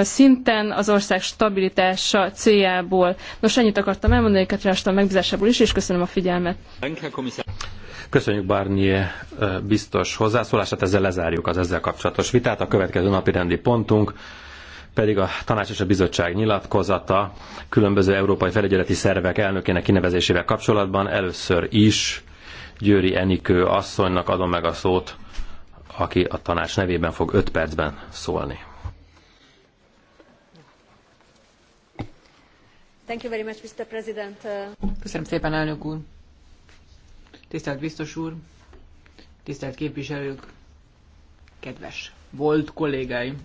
szinten az ország stabilitása céljából. Nos, ennyit akartam elmondani, Katrinástan megbízásából is, és köszönöm a figyelmet. Köszönjük Barnier biztos hozzászólását, ezzel lezárjuk az ezzel kapcsolatos vitát. A következő napi rendi pontunk pedig a tanács és a bizottság nyilatkozata különböző európai felügyeleti szervek elnökének kinevezésével kapcsolatban. Először is Győri Enikő asszonynak adom meg a szót, aki a tanács nevében fog 5 percben szólni. Köszönöm szépen, elnök úr. Tisztelt biztos úr, tisztelt képviselők, kedves volt kollégáim.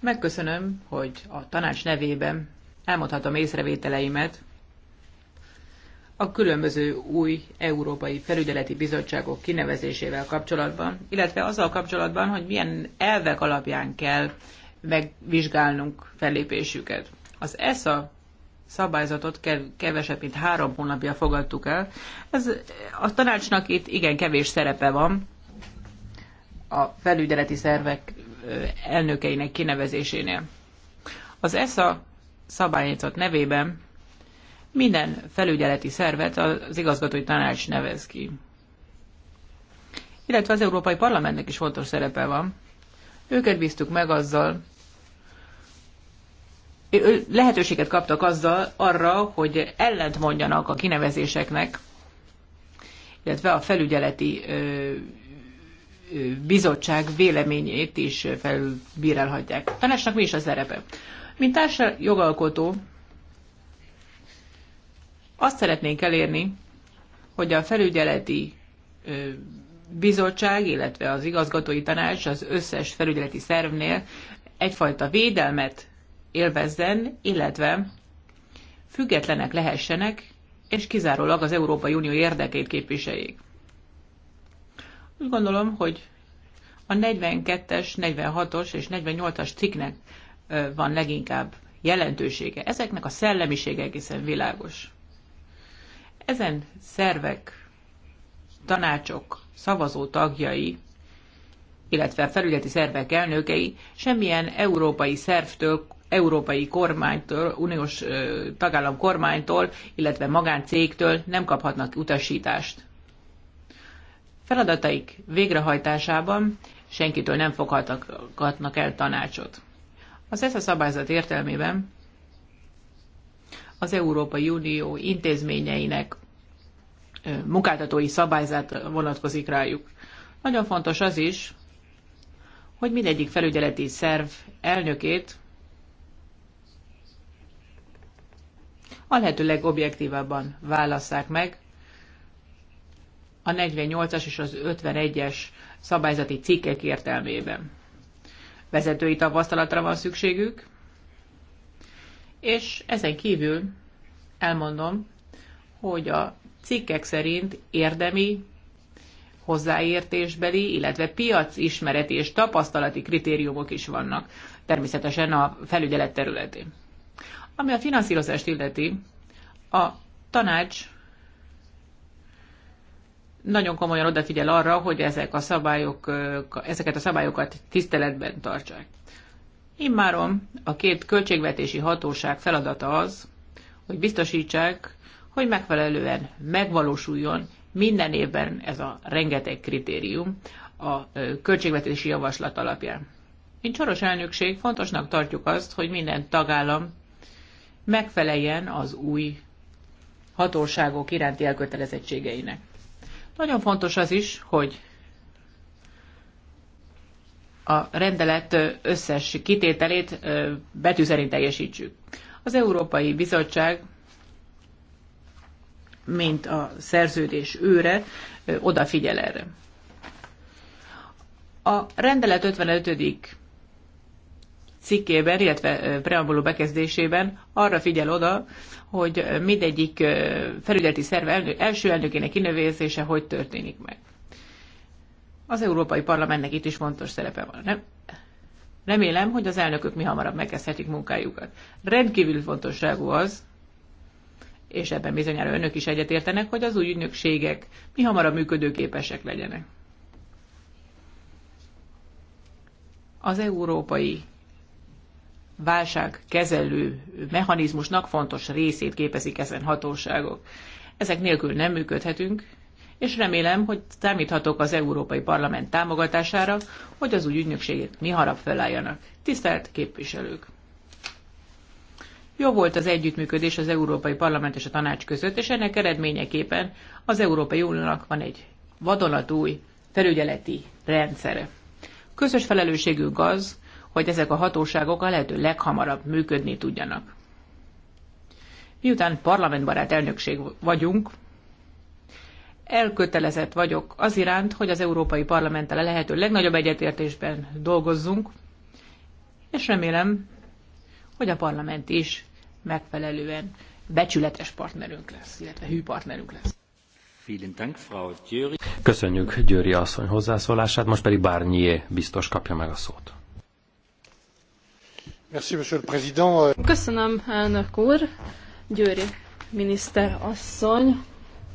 Megköszönöm, hogy a tanács nevében elmondhatom észrevételeimet a különböző új európai felügyeleti bizottságok kinevezésével kapcsolatban, illetve azzal kapcsolatban, hogy milyen elvek alapján kell megvizsgálnunk fellépésüket. Az esza szabályzatot kevesebb, mint három hónapja fogadtuk el. Ez, a tanácsnak itt igen kevés szerepe van a felügyeleti szervek elnökeinek kinevezésénél. Az ESA szabályzat nevében minden felügyeleti szervet az igazgatói tanács nevez ki. Illetve az Európai Parlamentnek is fontos szerepe van. Őket bíztuk meg azzal, lehetőséget kaptak azzal, arra, hogy ellent mondjanak a kinevezéseknek, illetve a felügyeleti bizottság véleményét is felbírálhatják. tanácsnak mi is a szerepe? Mint társa jogalkotó azt szeretnénk elérni, hogy a felügyeleti bizottság, illetve az igazgatói tanács az összes felügyeleti szervnél egyfajta védelmet élvezzen, illetve függetlenek lehessenek, és kizárólag az Európai Unió érdekét képviseljék. Úgy gondolom, hogy a 42-es, 46-os és 48-as cikknek van leginkább jelentősége. Ezeknek a szellemisége egészen világos. Ezen szervek, tanácsok, szavazó tagjai, illetve felügyeleti szervek elnökei semmilyen európai szervtől európai kormánytól, uniós tagállam kormánytól, illetve magáncégtől nem kaphatnak utasítást. Feladataik végrehajtásában senkitől nem foghatnak el tanácsot. Az ESZA szabályzat értelmében az Európai Unió intézményeinek munkáltatói szabályzat vonatkozik rájuk. Nagyon fontos az is, hogy mindegyik felügyeleti szerv elnökét a lehető legobjektívabban válasszák meg a 48-as és az 51-es szabályzati cikkek értelmében. Vezetői tapasztalatra van szükségük, és ezen kívül elmondom, hogy a cikkek szerint érdemi, hozzáértésbeli, illetve piac ismereti és tapasztalati kritériumok is vannak, természetesen a felügyelet területén. Ami a finanszírozást illeti, a tanács nagyon komolyan odafigyel arra, hogy ezek a szabályok, ezeket a szabályokat tiszteletben tartsák. Immáron a két költségvetési hatóság feladata az, hogy biztosítsák, hogy megfelelően megvalósuljon minden évben ez a rengeteg kritérium a költségvetési javaslat alapján. Mint soros elnökség fontosnak tartjuk azt, hogy minden tagállam megfeleljen az új hatóságok iránti elkötelezettségeinek. Nagyon fontos az is, hogy a rendelet összes kitételét betű szerint teljesítsük. Az Európai Bizottság, mint a szerződés őre, odafigyel erre. A rendelet 55 cikkében, illetve preambuló bekezdésében arra figyel oda, hogy mindegyik felügyeleti szerve első elnökének kinevezése hogy történik meg. Az Európai Parlamentnek itt is fontos szerepe van. Nem? Remélem, hogy az elnökök mi hamarabb megkezdhetik munkájukat. Rendkívül fontosságú az, és ebben bizonyára önök is egyetértenek, hogy az új ügynökségek mi hamarabb működőképesek legyenek. Az európai válságkezelő mechanizmusnak fontos részét képezik ezen hatóságok. Ezek nélkül nem működhetünk, és remélem, hogy számíthatok az Európai Parlament támogatására, hogy az új ügynökségét mi harap felálljanak. Tisztelt képviselők! Jó volt az együttműködés az Európai Parlament és a Tanács között, és ennek eredményeképpen az Európai Uniónak van egy vadonatúj felügyeleti rendszere. Közös felelősségünk az, hogy ezek a hatóságok a lehető leghamarabb működni tudjanak. Miután parlamentbarát elnökség vagyunk, elkötelezett vagyok az iránt, hogy az Európai Parlamenttel a lehető legnagyobb egyetértésben dolgozzunk, és remélem, hogy a parlament is megfelelően becsületes partnerünk lesz, illetve hű partnerünk lesz. Köszönjük Győri asszony hozzászólását, most pedig Bárnyié biztos kapja meg a szót. Köszönöm, elnök úr, Győri miniszter asszony,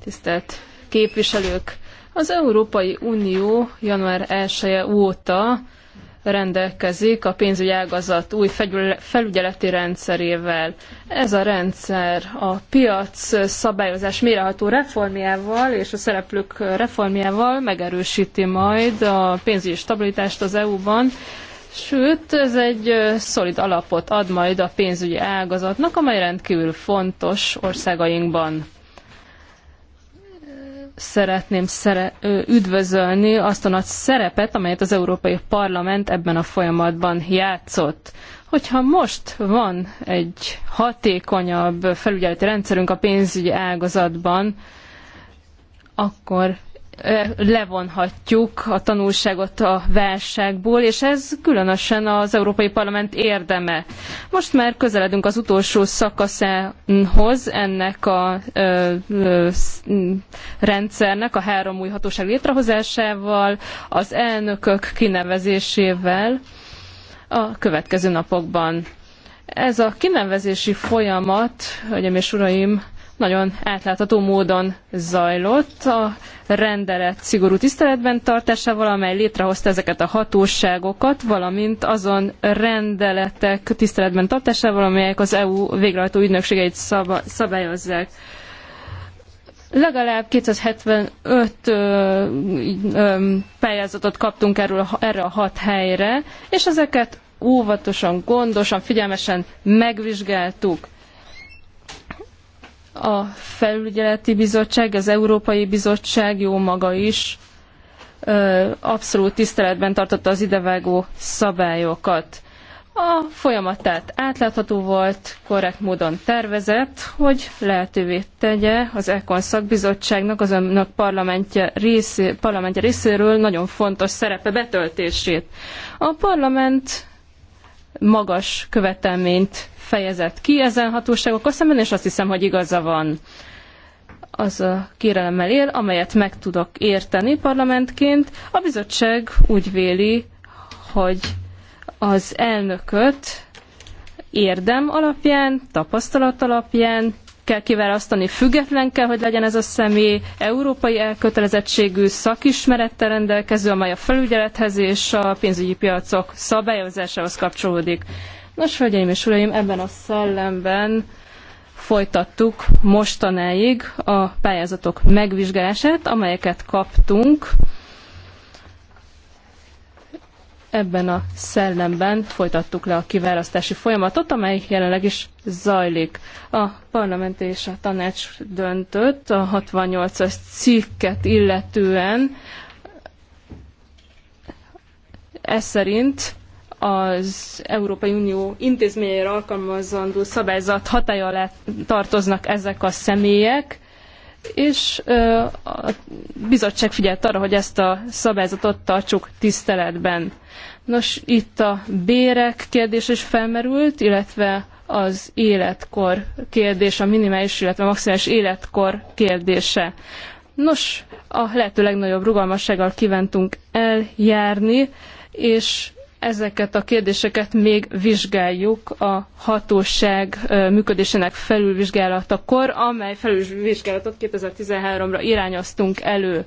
tisztelt képviselők! Az Európai Unió január 1 -e óta rendelkezik a pénzügyi ágazat új felügyeleti rendszerével. Ez a rendszer a piac szabályozás méreható reformjával és a szereplők reformjával megerősíti majd a pénzügyi stabilitást az EU-ban, Sőt, ez egy szolid alapot ad majd a pénzügyi ágazatnak, amely rendkívül fontos országainkban. Szeretném szere- üdvözölni azt a nagy szerepet, amelyet az Európai Parlament ebben a folyamatban játszott. Hogyha most van egy hatékonyabb felügyeleti rendszerünk a pénzügyi ágazatban, akkor levonhatjuk a tanulságot a válságból, és ez különösen az Európai Parlament érdeme. Most már közeledünk az utolsó szakaszához ennek a ö, ö, rendszernek, a három új hatóság létrehozásával, az elnökök kinevezésével a következő napokban. Ez a kinevezési folyamat, hölgyeim és uraim, nagyon átlátható módon zajlott a rendelet szigorú tiszteletben tartásával, amely létrehozta ezeket a hatóságokat, valamint azon rendeletek tiszteletben tartásával, amelyek az EU végrehajtó ügynökségeit szabályozzák. Legalább 275 ö, ö, pályázatot kaptunk erről, erre a hat helyre, és ezeket óvatosan, gondosan, figyelmesen megvizsgáltuk a felügyeleti bizottság, az Európai Bizottság, jó maga is abszolút tiszteletben tartotta az idevágó szabályokat. A folyamat tehát átlátható volt, korrekt módon tervezett, hogy lehetővé tegye az ECON szakbizottságnak az önök parlamentje, részé, parlamentje részéről nagyon fontos szerepe betöltését. A parlament magas követelményt fejezett ki ezen hatóságokkal szemben, és azt hiszem, hogy igaza van az a kérelemmel él, amelyet meg tudok érteni parlamentként. A bizottság úgy véli, hogy az elnököt érdem alapján, tapasztalat alapján kell kiválasztani, független kell, hogy legyen ez a személy, európai elkötelezettségű szakismerettel rendelkező, amely a felügyelethez és a pénzügyi piacok szabályozásához kapcsolódik. Nos, hölgyeim és uraim, ebben a szellemben folytattuk mostanáig a pályázatok megvizsgálását, amelyeket kaptunk. Ebben a szellemben folytattuk le a kiválasztási folyamatot, amely jelenleg is zajlik. A parlament és a tanács döntött a 68-as cikket illetően, ez szerint az Európai Unió intézményeire alkalmazandó szabályzat hatája alá tartoznak ezek a személyek, és a bizottság figyelt arra, hogy ezt a szabályzatot tartsuk tiszteletben. Nos, itt a bérek kérdés is felmerült, illetve az életkor kérdés, a minimális, illetve a maximális életkor kérdése. Nos, a lehető legnagyobb rugalmassággal kívántunk eljárni, és Ezeket a kérdéseket még vizsgáljuk a hatóság működésének felülvizsgálatakor, amely felülvizsgálatot 2013-ra irányoztunk elő.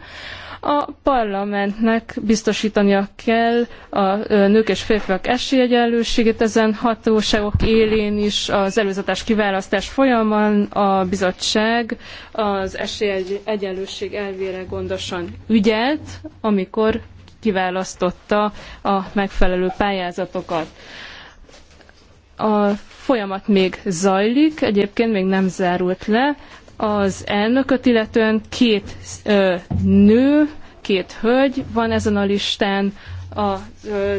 A parlamentnek biztosítania kell a nők és férfiak esélyegyenlőségét ezen hatóságok élén is, az előzetes kiválasztás folyamán a bizottság az esélyegyenlőség elvére gondosan ügyelt, amikor kiválasztotta a megfelelő pályázatokat. A folyamat még zajlik, egyébként még nem zárult le. Az elnököt illetően két ö, nő, két hölgy van ezen a listán. A, ö,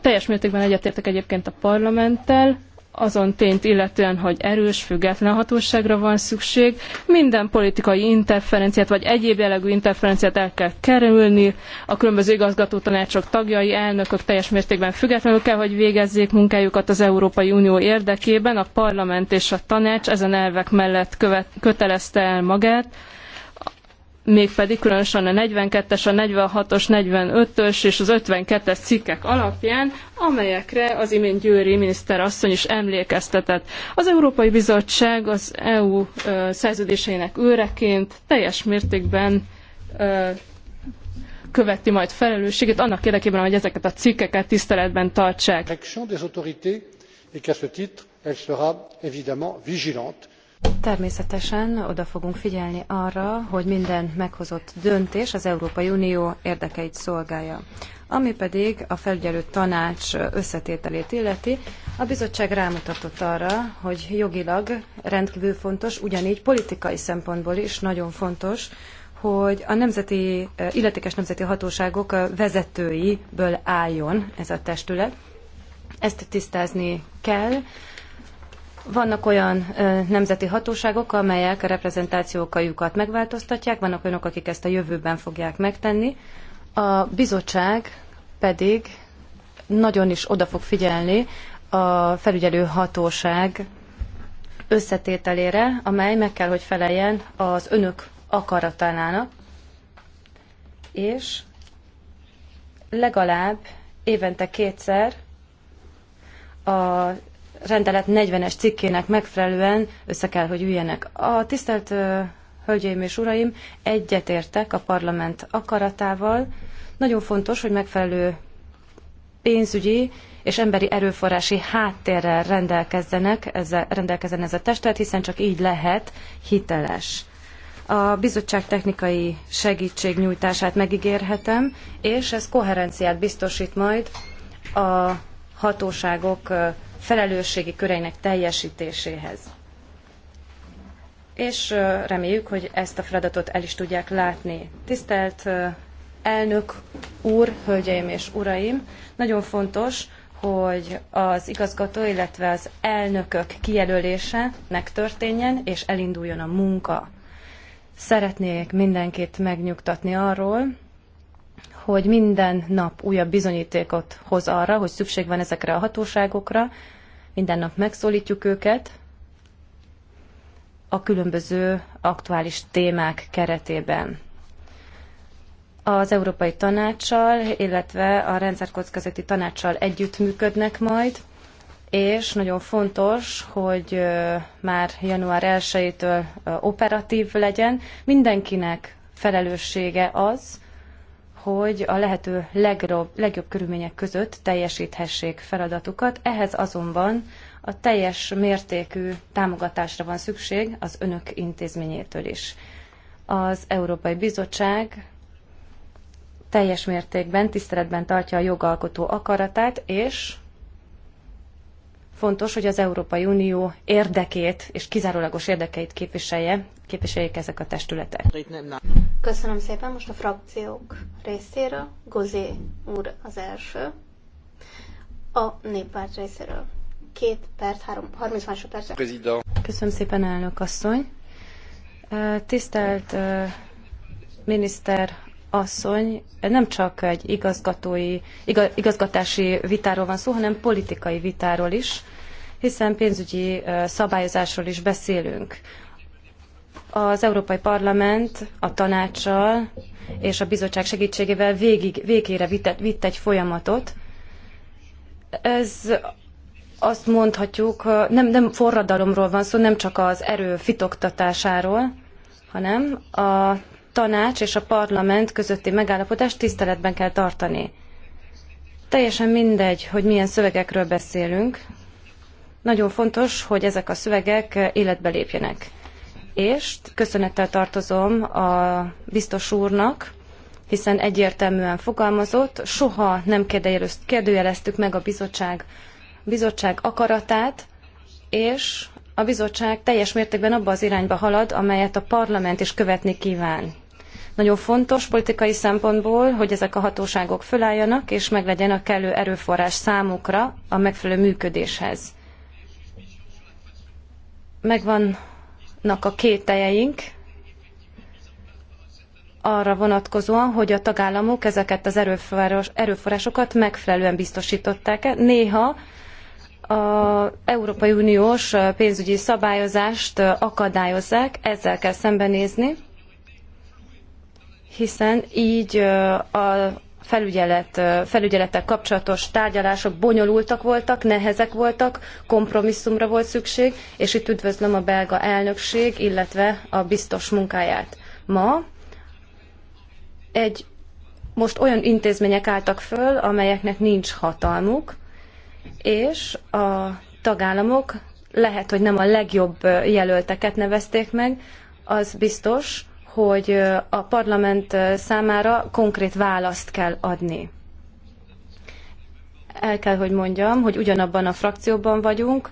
teljes mértékben egyetértek egyébként a parlamenttel, azon tényt illetően, hogy erős, független hatóságra van szükség. Minden politikai interferenciát, vagy egyéb jellegű interferenciát el kell kerülni. A különböző igazgatótanácsok tagjai, elnökök teljes mértékben függetlenül kell, hogy végezzék munkájukat az Európai Unió érdekében. A parlament és a tanács ezen elvek mellett követ, kötelezte el magát mégpedig különösen a 42-es, a 46-os, 45-ös és az 52-es cikkek alapján, amelyekre az imént Győri asszony is emlékeztetett. Az Európai Bizottság az EU szerződéseinek őreként teljes mértékben követi majd felelősségét annak érdekében, hogy ezeket a cikkeket tiszteletben tartsák. des autorités et qu'à ce titre, elle sera évidemment vigilante Természetesen oda fogunk figyelni arra, hogy minden meghozott döntés az Európai Unió érdekeit szolgálja. Ami pedig a felügyelő tanács összetételét illeti, a bizottság rámutatott arra, hogy jogilag rendkívül fontos, ugyanígy politikai szempontból is nagyon fontos, hogy a nemzeti, illetékes nemzeti hatóságok vezetőiből álljon ez a testület. Ezt tisztázni kell, vannak olyan ö, nemzeti hatóságok, amelyek a reprezentációkajukat megváltoztatják, vannak olyanok, akik ezt a jövőben fogják megtenni. A bizottság pedig nagyon is oda fog figyelni a felügyelő hatóság összetételére, amely meg kell, hogy feleljen az önök akaratának, és legalább évente kétszer a rendelet 40-es cikkének megfelelően össze kell, hogy üljenek. A tisztelt Hölgyeim és Uraim, egyetértek a parlament akaratával. Nagyon fontos, hogy megfelelő pénzügyi és emberi erőforrási háttérrel rendelkezzenek, ezzel, rendelkezzen ez a testület, hiszen csak így lehet hiteles. A bizottság technikai segítségnyújtását megígérhetem, és ez koherenciát biztosít majd a hatóságok felelősségi köreinek teljesítéséhez. És reméljük, hogy ezt a feladatot el is tudják látni. Tisztelt elnök úr, hölgyeim és uraim, nagyon fontos, hogy az igazgató, illetve az elnökök kijelölése megtörténjen, és elinduljon a munka. Szeretnék mindenkit megnyugtatni arról, hogy minden nap újabb bizonyítékot hoz arra, hogy szükség van ezekre a hatóságokra, minden nap megszólítjuk őket a különböző aktuális témák keretében. Az Európai Tanácssal, illetve a rendszerkockázati tanácssal együttműködnek majd, és nagyon fontos, hogy már január 1-től operatív legyen. Mindenkinek felelőssége az, hogy a lehető legrobb, legjobb körülmények között teljesíthessék feladatukat. Ehhez azonban a teljes mértékű támogatásra van szükség az önök intézményétől is. Az Európai Bizottság teljes mértékben tiszteletben tartja a jogalkotó akaratát, és Fontos, hogy az Európai Unió érdekét és kizárólagos érdekeit képviselje, képviseljék ezek a testületek. Köszönöm szépen. Most a frakciók részéről. Gozé úr az első. A néppárt részéről. Két perc, három, 30 másodperc. Köszönöm szépen, elnök asszony. Tisztelt miniszter asszony, nem csak egy igazgatói, igazgatási vitáról van szó, hanem politikai vitáról is, hiszen pénzügyi szabályozásról is beszélünk. Az Európai Parlament a tanácssal és a bizottság segítségével végig, végére vitt egy folyamatot. Ez azt mondhatjuk, nem, nem forradalomról van szó, nem csak az erő fitoktatásáról, hanem a tanács és a parlament közötti megállapodást tiszteletben kell tartani. Teljesen mindegy, hogy milyen szövegekről beszélünk. Nagyon fontos, hogy ezek a szövegek életbe lépjenek. És köszönettel tartozom a biztos úrnak, hiszen egyértelműen fogalmazott, soha nem kérdőjeleztük meg a bizottság, bizottság akaratát, és a bizottság teljes mértékben abba az irányba halad, amelyet a parlament is követni kíván. Nagyon fontos politikai szempontból, hogy ezek a hatóságok fölálljanak, és meglegyen a kellő erőforrás számukra a megfelelő működéshez. Megvannak a kételjeink arra vonatkozóan, hogy a tagállamok ezeket az erőforrás, erőforrásokat megfelelően biztosították-e. Néha az Európai Uniós pénzügyi szabályozást akadályozzák, ezzel kell szembenézni hiszen így a felügyelet, felügyelettel kapcsolatos tárgyalások bonyolultak voltak, nehezek voltak, kompromisszumra volt szükség, és itt üdvözlöm a belga elnökség, illetve a biztos munkáját. Ma egy most olyan intézmények álltak föl, amelyeknek nincs hatalmuk, és a tagállamok lehet, hogy nem a legjobb jelölteket nevezték meg, az biztos, hogy a parlament számára konkrét választ kell adni. El kell, hogy mondjam, hogy ugyanabban a frakcióban vagyunk,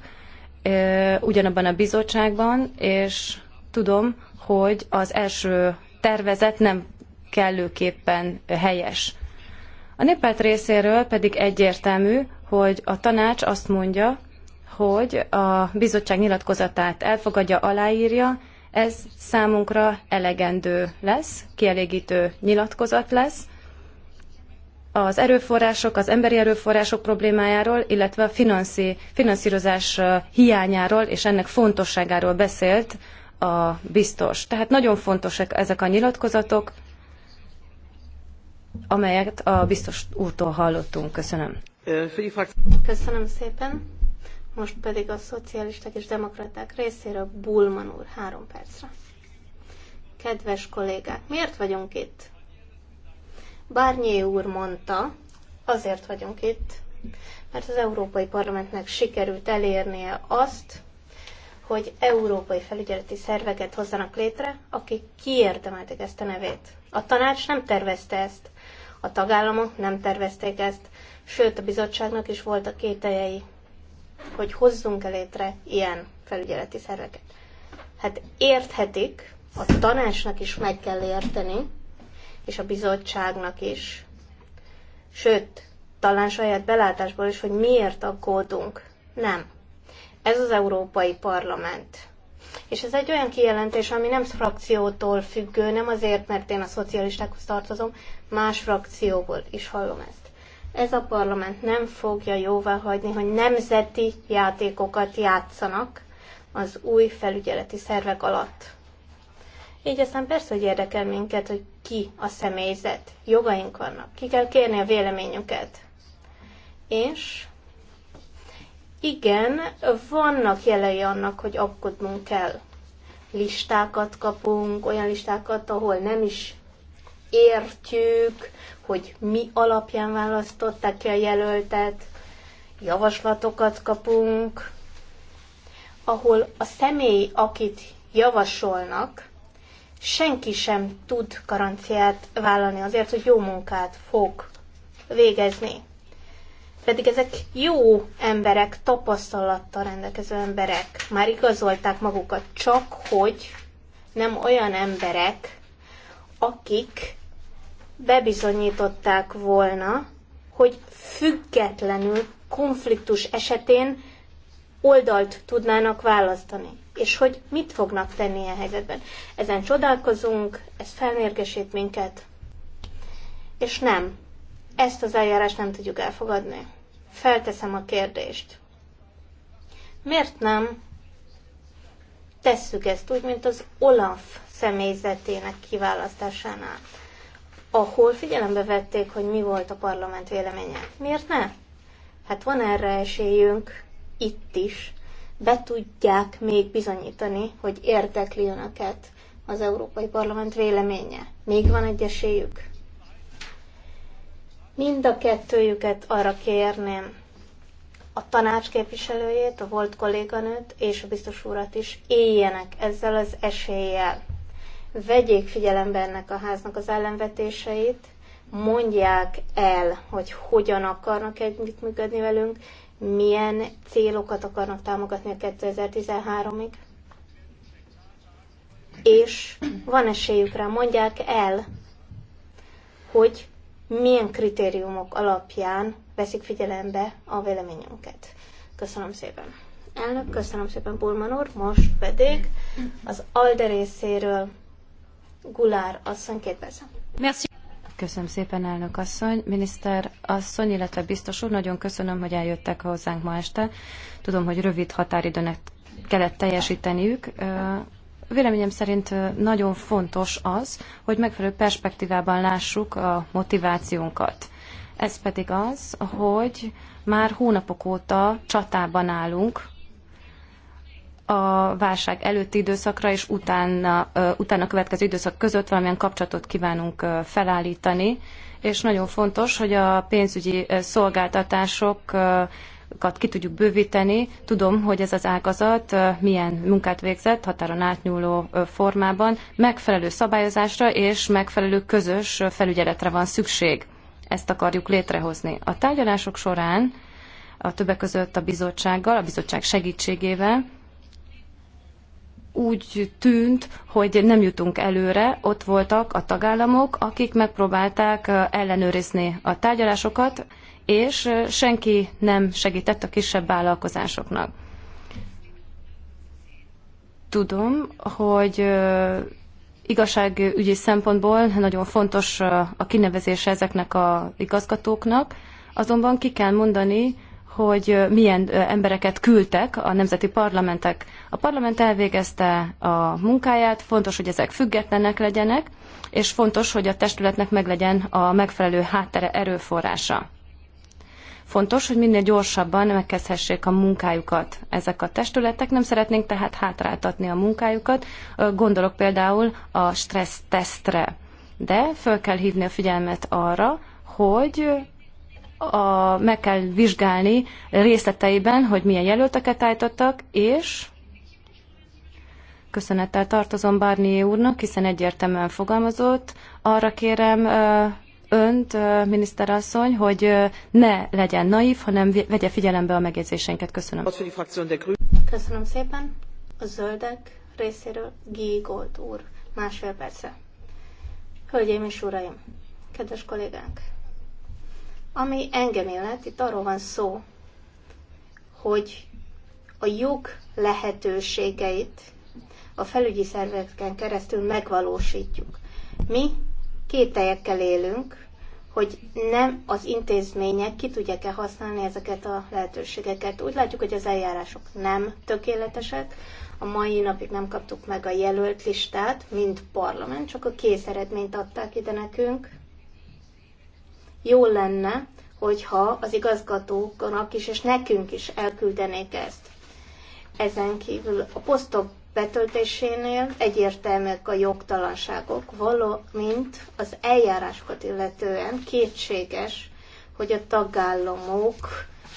ugyanabban a bizottságban, és tudom, hogy az első tervezet nem kellőképpen helyes. A néppárt részéről pedig egyértelmű, hogy a tanács azt mondja, hogy a bizottság nyilatkozatát elfogadja, aláírja, ez számunkra elegendő lesz, kielégítő nyilatkozat lesz az erőforrások, az emberi erőforrások problémájáról, illetve a finanszi, finanszírozás hiányáról és ennek fontosságáról beszélt a biztos. Tehát nagyon fontosak ezek a nyilatkozatok, amelyet a biztos úrtól hallottunk. Köszönöm. Köszönöm szépen. Most pedig a szocialisták és demokraták részéről Bulman úr három percre. Kedves kollégák, miért vagyunk itt? Bárnyé úr mondta, azért vagyunk itt, mert az Európai Parlamentnek sikerült elérnie azt, hogy európai felügyeleti szerveket hozzanak létre, akik kiérdemeltek ezt a nevét. A tanács nem tervezte ezt, a tagállamok nem tervezték ezt, sőt a bizottságnak is voltak kételjei hogy hozzunk el létre ilyen felügyeleti szerveket. Hát érthetik, a tanácsnak is meg kell érteni, és a bizottságnak is, sőt, talán saját belátásból is, hogy miért aggódunk. Nem. Ez az Európai Parlament. És ez egy olyan kijelentés, ami nem frakciótól függő, nem azért, mert én a szocialistákhoz tartozom, más frakcióból is hallom ezt ez a parlament nem fogja jóvá hagyni, hogy nemzeti játékokat játszanak az új felügyeleti szervek alatt. Így aztán persze, hogy érdekel minket, hogy ki a személyzet. Jogaink vannak. Ki kell kérni a véleményüket. És igen, vannak jelei annak, hogy aggódnunk kell. Listákat kapunk, olyan listákat, ahol nem is értjük, hogy mi alapján választották ki a jelöltet, javaslatokat kapunk, ahol a személy, akit javasolnak, senki sem tud garanciát vállalni azért, hogy jó munkát fog végezni. Pedig ezek jó emberek, tapasztalattal rendelkező emberek. Már igazolták magukat, csak hogy nem olyan emberek, akik bebizonyították volna, hogy függetlenül konfliktus esetén oldalt tudnának választani, és hogy mit fognak tenni a e helyzetben. Ezen csodálkozunk, ez felmérgesít minket, és nem, ezt az eljárást nem tudjuk elfogadni. Felteszem a kérdést. Miért nem tesszük ezt úgy, mint az Olaf személyzetének kiválasztásánál? ahol figyelembe vették, hogy mi volt a parlament véleménye. Miért ne? Hát van erre esélyünk itt is. Be tudják még bizonyítani, hogy érdekli önöket az Európai Parlament véleménye. Még van egy esélyük. Mind a kettőjüket arra kérném, a tanács képviselőjét, a volt kolléganőt és a biztos urat is éljenek ezzel az eséllyel vegyék figyelembe ennek a háznak az ellenvetéseit, mondják el, hogy hogyan akarnak együttműködni velünk, milyen célokat akarnak támogatni a 2013-ig, és van esélyük rá, mondják el, hogy milyen kritériumok alapján veszik figyelembe a véleményünket. Köszönöm szépen. Elnök, köszönöm szépen Bulman úr, most pedig az ALDE részéről Gulár asszony, Merci. Köszönöm szépen, elnök asszony. Miniszter asszony, illetve biztos úr, nagyon köszönöm, hogy eljöttek hozzánk ma este. Tudom, hogy rövid határidőnek kellett teljesíteniük. Véleményem szerint nagyon fontos az, hogy megfelelő perspektívában lássuk a motivációnkat. Ez pedig az, hogy már hónapok óta csatában állunk a válság előtti időszakra és utána, utána következő időszak között valamilyen kapcsolatot kívánunk felállítani, és nagyon fontos, hogy a pénzügyi szolgáltatásokat ki tudjuk bővíteni. Tudom, hogy ez az ágazat milyen munkát végzett határon átnyúló formában. Megfelelő szabályozásra és megfelelő közös felügyeletre van szükség. Ezt akarjuk létrehozni. A tárgyalások során a többek között a bizottsággal, a bizottság segítségével úgy tűnt, hogy nem jutunk előre, ott voltak a tagállamok, akik megpróbálták ellenőrizni a tárgyalásokat, és senki nem segített a kisebb vállalkozásoknak. Tudom, hogy igazságügyi szempontból nagyon fontos a kinevezése ezeknek a igazgatóknak, azonban ki kell mondani, hogy milyen embereket küldtek a nemzeti parlamentek. A parlament elvégezte a munkáját, fontos, hogy ezek függetlenek legyenek, és fontos, hogy a testületnek meglegyen a megfelelő háttere erőforrása. Fontos, hogy minél gyorsabban megkezdhessék a munkájukat ezek a testületek, nem szeretnénk tehát hátráltatni a munkájukat. Gondolok például a stressz tesztre. De föl kell hívni a figyelmet arra, hogy a, meg kell vizsgálni részleteiben, hogy milyen jelölteket állítottak, és köszönettel tartozom Barnié úrnak, hiszen egyértelműen fogalmazott. Arra kérem önt, miniszterasszony, hogy ne legyen naív, hanem vegye figyelembe a megjegyzéseinket. Köszönöm. Köszönöm szépen. A zöldek részéről Gigold úr. Másfél perce. Hölgyeim és uraim, kedves kollégánk! Ami engem illet, itt arról van szó, hogy a lyuk lehetőségeit a felügyi szerveken keresztül megvalósítjuk. Mi kételyekkel élünk, hogy nem az intézmények ki tudják-e használni ezeket a lehetőségeket. Úgy látjuk, hogy az eljárások nem tökéletesek, a mai napig nem kaptuk meg a jelölt listát, mint parlament, csak a kész eredményt adták ide nekünk. Jó lenne, hogyha az igazgatóknak is és nekünk is elküldenék ezt. Ezen kívül a posztok betöltésénél egyértelműek a jogtalanságok, valamint az eljárásokat illetően kétséges, hogy a tagállamok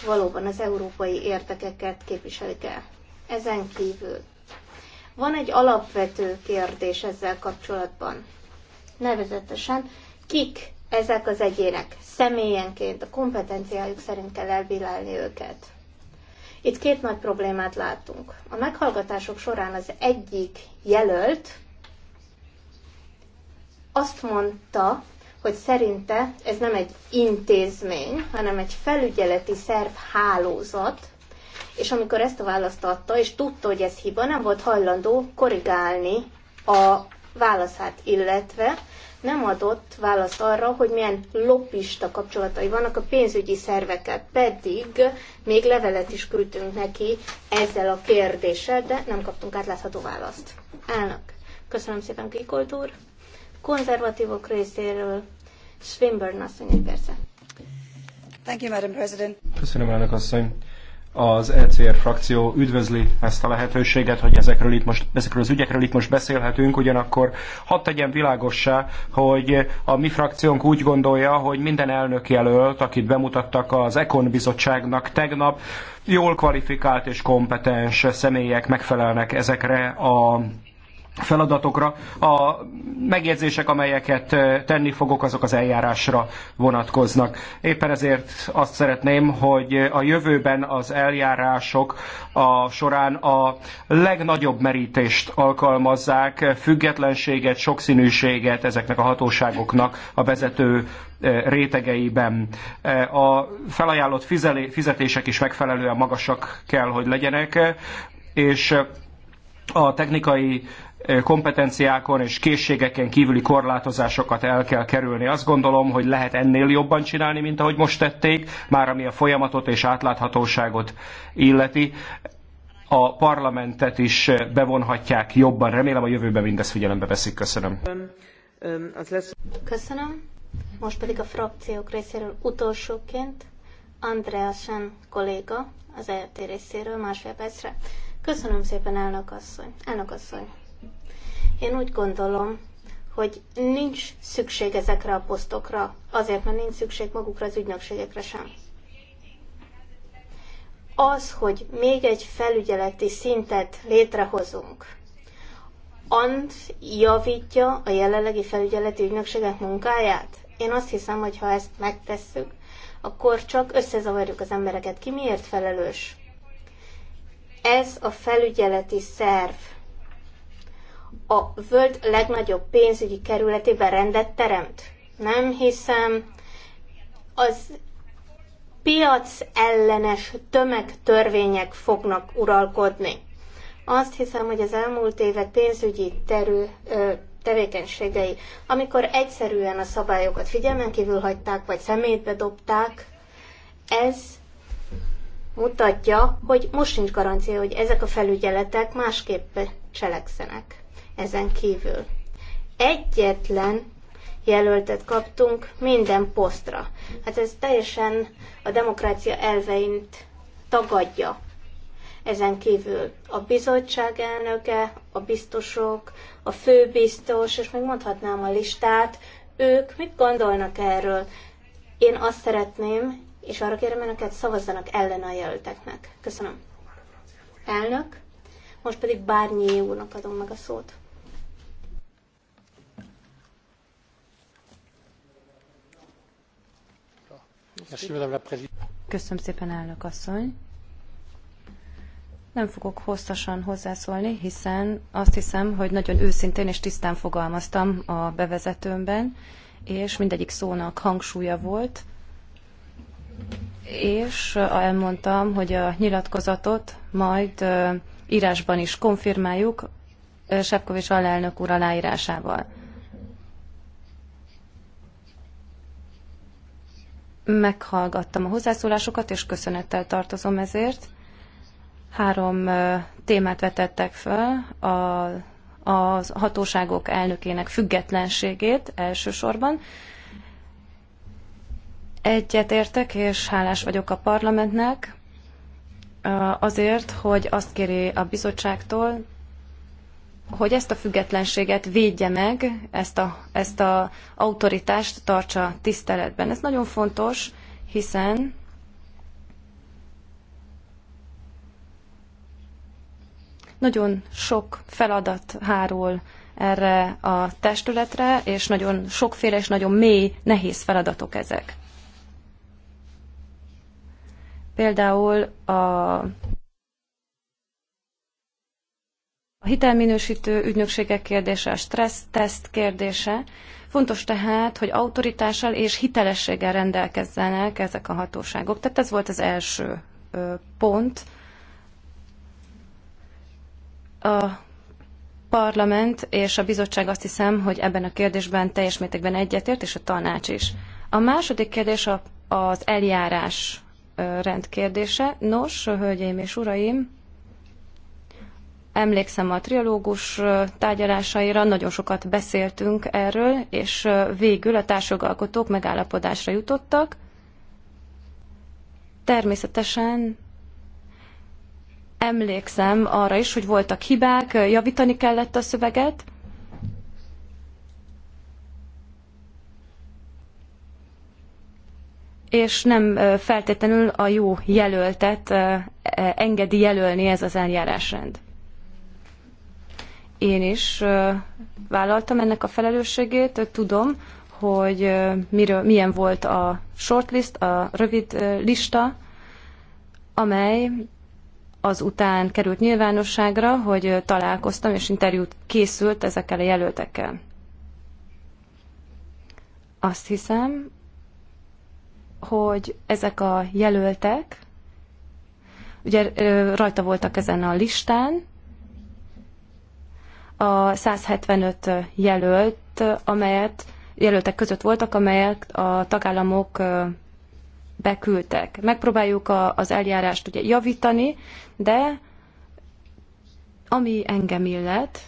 valóban az európai értekeket képviselik el. Ezen kívül van egy alapvető kérdés ezzel kapcsolatban. Nevezetesen, kik ezek az egyének személyenként a kompetenciájuk szerint kell elbírálni őket. Itt két nagy problémát látunk. A meghallgatások során az egyik jelölt azt mondta, hogy szerinte ez nem egy intézmény, hanem egy felügyeleti szerv hálózat, és amikor ezt a választ adta, és tudta, hogy ez hiba, nem volt hajlandó korrigálni a válaszát, illetve nem adott választ arra, hogy milyen lopista kapcsolatai vannak a pénzügyi szervekkel, pedig még levelet is küldtünk neki ezzel a kérdéssel, de nem kaptunk átlátható választ. Elnök, köszönöm szépen, Kikolt úr. Konzervatívok részéről Swinburne asszony persze. Thank you, Madam President. Köszönöm, elnök asszony az ECR frakció üdvözli ezt a lehetőséget, hogy ezekről, itt most, ezekről az ügyekről itt most beszélhetünk, ugyanakkor hadd tegyen világossá, hogy a mi frakciónk úgy gondolja, hogy minden elnök jelölt, akit bemutattak az Ekon bizottságnak tegnap, jól kvalifikált és kompetens személyek megfelelnek ezekre a feladatokra. A megjegyzések, amelyeket tenni fogok, azok az eljárásra vonatkoznak. Éppen ezért azt szeretném, hogy a jövőben az eljárások a során a legnagyobb merítést alkalmazzák, függetlenséget, sokszínűséget ezeknek a hatóságoknak a vezető rétegeiben. A felajánlott fizetések is megfelelően magasak kell, hogy legyenek, és a technikai kompetenciákon és készségeken kívüli korlátozásokat el kell kerülni. Azt gondolom, hogy lehet ennél jobban csinálni, mint ahogy most tették, már ami a folyamatot és átláthatóságot illeti. A parlamentet is bevonhatják jobban. Remélem a jövőben mindezt figyelembe veszik. Köszönöm. Köszönöm. Most pedig a frakciók részéről utolsóként Andreasen kolléga az ELT részéről másfél percre. Köszönöm szépen, elnök asszony. Elnök asszony. Én úgy gondolom, hogy nincs szükség ezekre a posztokra, azért, mert nincs szükség magukra az ügynökségekre sem. Az, hogy még egy felügyeleti szintet létrehozunk, ant javítja a jelenlegi felügyeleti ügynökségek munkáját? Én azt hiszem, hogy ha ezt megtesszük, akkor csak összezavarjuk az embereket. Ki miért felelős? Ez a felügyeleti szerv a völd legnagyobb pénzügyi kerületében rendet teremt? Nem hiszem. Az piac ellenes tömegtörvények fognak uralkodni. Azt hiszem, hogy az elmúlt évek pénzügyi terül, ö, tevékenységei, amikor egyszerűen a szabályokat figyelmen kívül hagyták, vagy szemétbe dobták, ez mutatja, hogy most nincs garancia, hogy ezek a felügyeletek másképp cselekszenek ezen kívül. Egyetlen jelöltet kaptunk minden posztra. Hát ez teljesen a demokrácia elveint tagadja. Ezen kívül a bizottság elnöke, a biztosok, a főbiztos, és még mondhatnám a listát, ők mit gondolnak erről? Én azt szeretném, és arra kérem önöket, szavazzanak ellen a jelölteknek. Köszönöm. Elnök, most pedig Bárnyi úrnak adom meg a szót. Köszönöm szépen, elnök asszony. Nem fogok hosszasan hozzászólni, hiszen azt hiszem, hogy nagyon őszintén és tisztán fogalmaztam a bevezetőmben, és mindegyik szónak hangsúlya volt, és elmondtam, hogy a nyilatkozatot majd írásban is konfirmáljuk Sefkovics alelnök úr aláírásával. meghallgattam a hozzászólásokat, és köszönettel tartozom ezért. Három témát vetettek fel, a, a hatóságok elnökének függetlenségét elsősorban. egyet értek, és hálás vagyok a parlamentnek azért, hogy azt kéri a bizottságtól, hogy ezt a függetlenséget védje meg, ezt a, ezt a autoritást tartsa tiszteletben. Ez nagyon fontos, hiszen nagyon sok feladat hárul erre a testületre, és nagyon sokféle és nagyon mély, nehéz feladatok ezek. Például a A hitelminősítő ügynökségek kérdése, a stressz teszt kérdése. Fontos tehát, hogy autoritással és hitelességgel rendelkezzenek ezek a hatóságok. Tehát ez volt az első pont. A parlament és a bizottság azt hiszem, hogy ebben a kérdésben teljes mértékben egyetért, és a tanács is. A második kérdés az eljárás rendkérdése. Nos, hölgyeim és uraim, Emlékszem a trialógus tárgyalásaira, nagyon sokat beszéltünk erről, és végül a társjogalkotók megállapodásra jutottak. Természetesen emlékszem arra is, hogy voltak hibák, javítani kellett a szöveget. És nem feltétlenül a jó jelöltet e, engedi jelölni ez az eljárásrend én is vállaltam ennek a felelősségét, tudom, hogy miről, milyen volt a shortlist, a rövid lista, amely azután került nyilvánosságra, hogy találkoztam és interjút készült ezekkel a jelöltekkel. Azt hiszem, hogy ezek a jelöltek, ugye rajta voltak ezen a listán, a 175 jelölt, amelyet jelöltek között voltak, amelyek a tagállamok beküldtek. Megpróbáljuk a, az eljárást ugye javítani, de ami engem illet,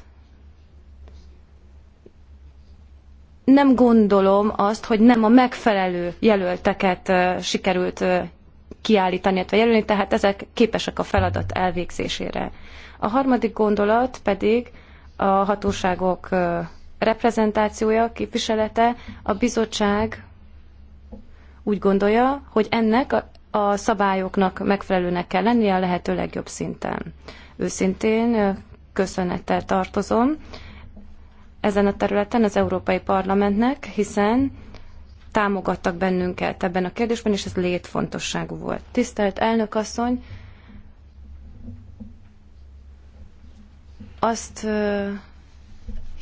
nem gondolom azt, hogy nem a megfelelő jelölteket sikerült kiállítani, illetve jelölni, tehát ezek képesek a feladat elvégzésére. A harmadik gondolat pedig, a hatóságok reprezentációja, képviselete, a bizottság úgy gondolja, hogy ennek a, a szabályoknak megfelelőnek kell lennie a lehető legjobb szinten. Őszintén köszönettel tartozom ezen a területen az Európai Parlamentnek, hiszen támogattak bennünket ebben a kérdésben, és ez létfontosságú volt. Tisztelt elnök asszony, Azt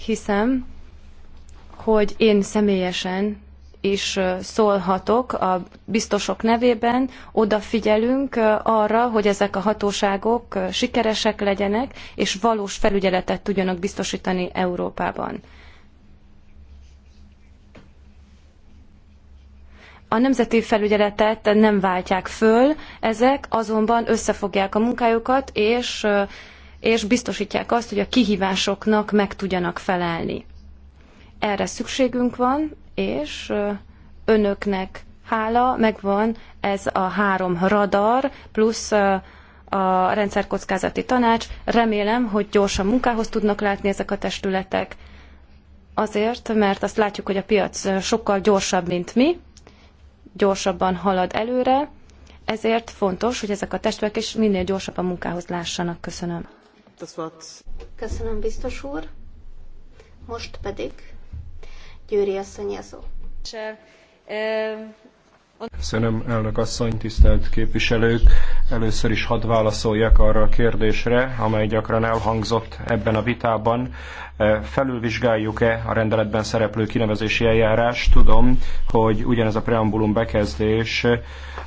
hiszem, hogy én személyesen is szólhatok a biztosok nevében, odafigyelünk arra, hogy ezek a hatóságok sikeresek legyenek, és valós felügyeletet tudjanak biztosítani Európában. A nemzeti felügyeletet nem váltják föl, ezek azonban összefogják a munkájukat, és és biztosítják azt, hogy a kihívásoknak meg tudjanak felelni. Erre szükségünk van, és önöknek hála megvan ez a három radar, plusz a rendszerkockázati tanács. Remélem, hogy gyorsan munkához tudnak látni ezek a testületek, azért, mert azt látjuk, hogy a piac sokkal gyorsabb, mint mi, gyorsabban halad előre, ezért fontos, hogy ezek a testületek is minél gyorsabban munkához lássanak. Köszönöm. Das Wort. Köszönöm, biztos úr. Most pedig Győri asszony szó. Um, Köszönöm, elnök asszony, tisztelt képviselők! Először is hadd válaszoljak arra a kérdésre, amely gyakran elhangzott ebben a vitában. Eh, felülvizsgáljuk-e a rendeletben szereplő kinevezési eljárást? Tudom, hogy ugyanez a preambulum bekezdés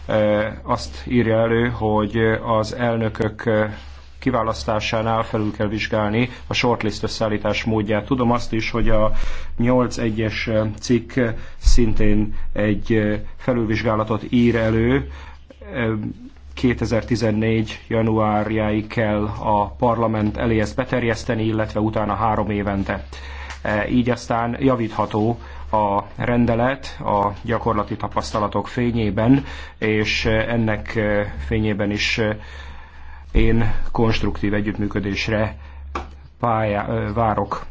eh, azt írja elő, hogy az elnökök eh, kiválasztásánál felül kell vizsgálni a shortlist összeállítás módját. Tudom azt is, hogy a 8.1-es cikk szintén egy felülvizsgálatot ír elő, 2014. januárjáig kell a parlament elé ezt beterjeszteni, illetve utána három évente. E, így aztán javítható a rendelet a gyakorlati tapasztalatok fényében, és ennek fényében is én konstruktív együttműködésre pályá, várok.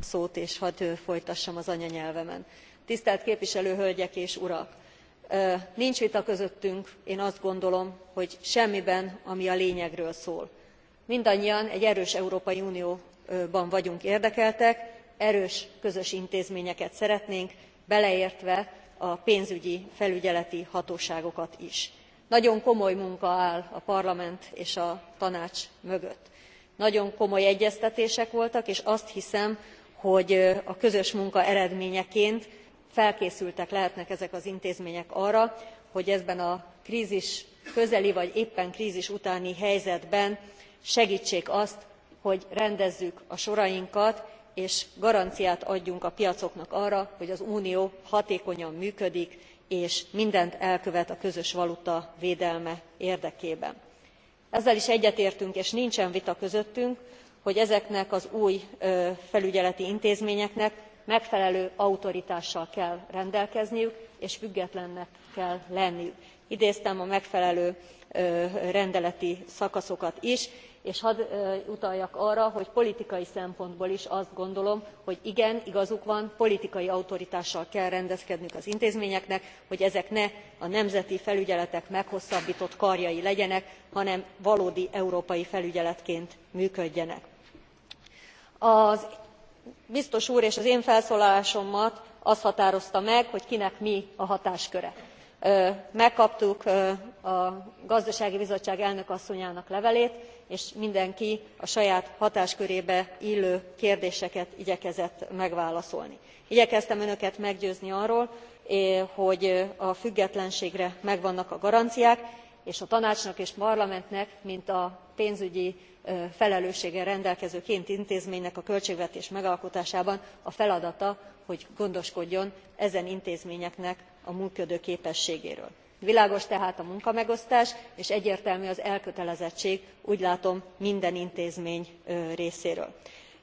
Szót és hadd folytassam az anyanyelvemen. Tisztelt képviselő hölgyek és urak! Nincs vita közöttünk, én azt gondolom, hogy semmiben, ami a lényegről szól. Mindannyian egy erős Európai Unióban vagyunk érdekeltek, erős közös intézményeket szeretnénk beleértve a pénzügyi felügyeleti hatóságokat is nagyon komoly munka áll a parlament és a tanács mögött nagyon komoly egyeztetések voltak és azt hiszem hogy a közös munka eredményeként felkészültek lehetnek ezek az intézmények arra hogy ebben a közeli vagy éppen krzis utáni helyzetben segtsék azt hogy rendezzük a sorainkat és garanciát adjunk a piacoknak arra hogy az unió hatékonyan működik és mindent elkövet a közös valuta védelme érdekében. ezzel is egyetértünk és nincsen vita közöttünk hogy ezeknek az új felügyeleti intézményeknek megfelelő autoritással kell rendelkezniük és függetlennek kell lenniük idéztem a megfelelő rendeleti szakaszokat is és hadd utaljak arra hogy politikai szempontból is azt gondolom hogy igen igazuk van politikai autoritással kell rendelkezniük az intézményeknek hogy ezek ne a nemzeti felügyeletek meghosszabbtott karjai legyenek hanem valódi európai felügyeletként működjenek. A biztos úr és az én felszólalásomat az határozta meg hogy kinek mi a hatásköre. megkaptuk a gazdasági bizottság elnök asszonyának levelét és mindenki a saját hatáskörébe illő kérdéseket igyekezett megválaszolni. igyekeztem önöket meggyőzni arról eh, hogy a függetlenségre megvannak a garanciák és a tanácsnak és parlamentnek mint a pénzügyi eh, felelősséggel rendelkező két intézménynek a költségvetés megalkotásában a feladata hogy gondoskodjon ezen intézményeknek a működőképességéről világos tehát a munkamegosztás és egyértelmű az elkötelezettség úgy látom minden intézmény részéről.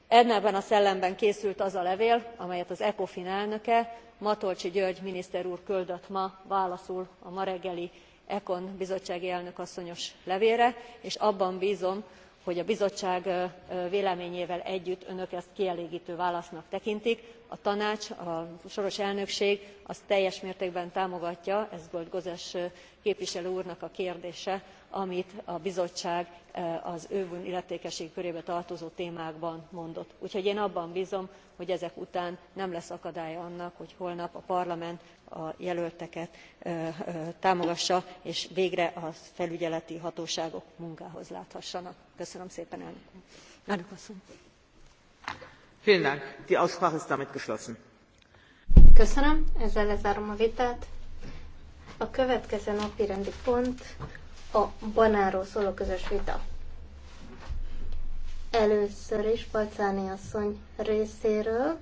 ebben a szellemben készült az a levél amelyet az ecofin elnöke matolcsy györgy miniszter úr küldött ma válaszul a ma reggeli econ bizottsági elnök asszonyos levélre és abban bzom hogy a bizottság véleményével együtt önök ezt kielégtő válasznak tekintik a tanács a soros elnökség azt teljes mértékben támogatja ez volt gauzes képviselő úrnak a kérdése amit a bizottság e, az ő illetékességi körébe tartozó témákban mondott. úgyhogy én abban bzom hogy ezek után nem lesz akadálya annak hogy holnap a parlament a jelölteket e, e, támogassa és végre a felügyeleti hatóságok munkához láthassanak. köszönöm szépen elnök asszony! köszönöm ezzel a következő pont a banáról szóló közös vita. Először is Balcáni asszony részéről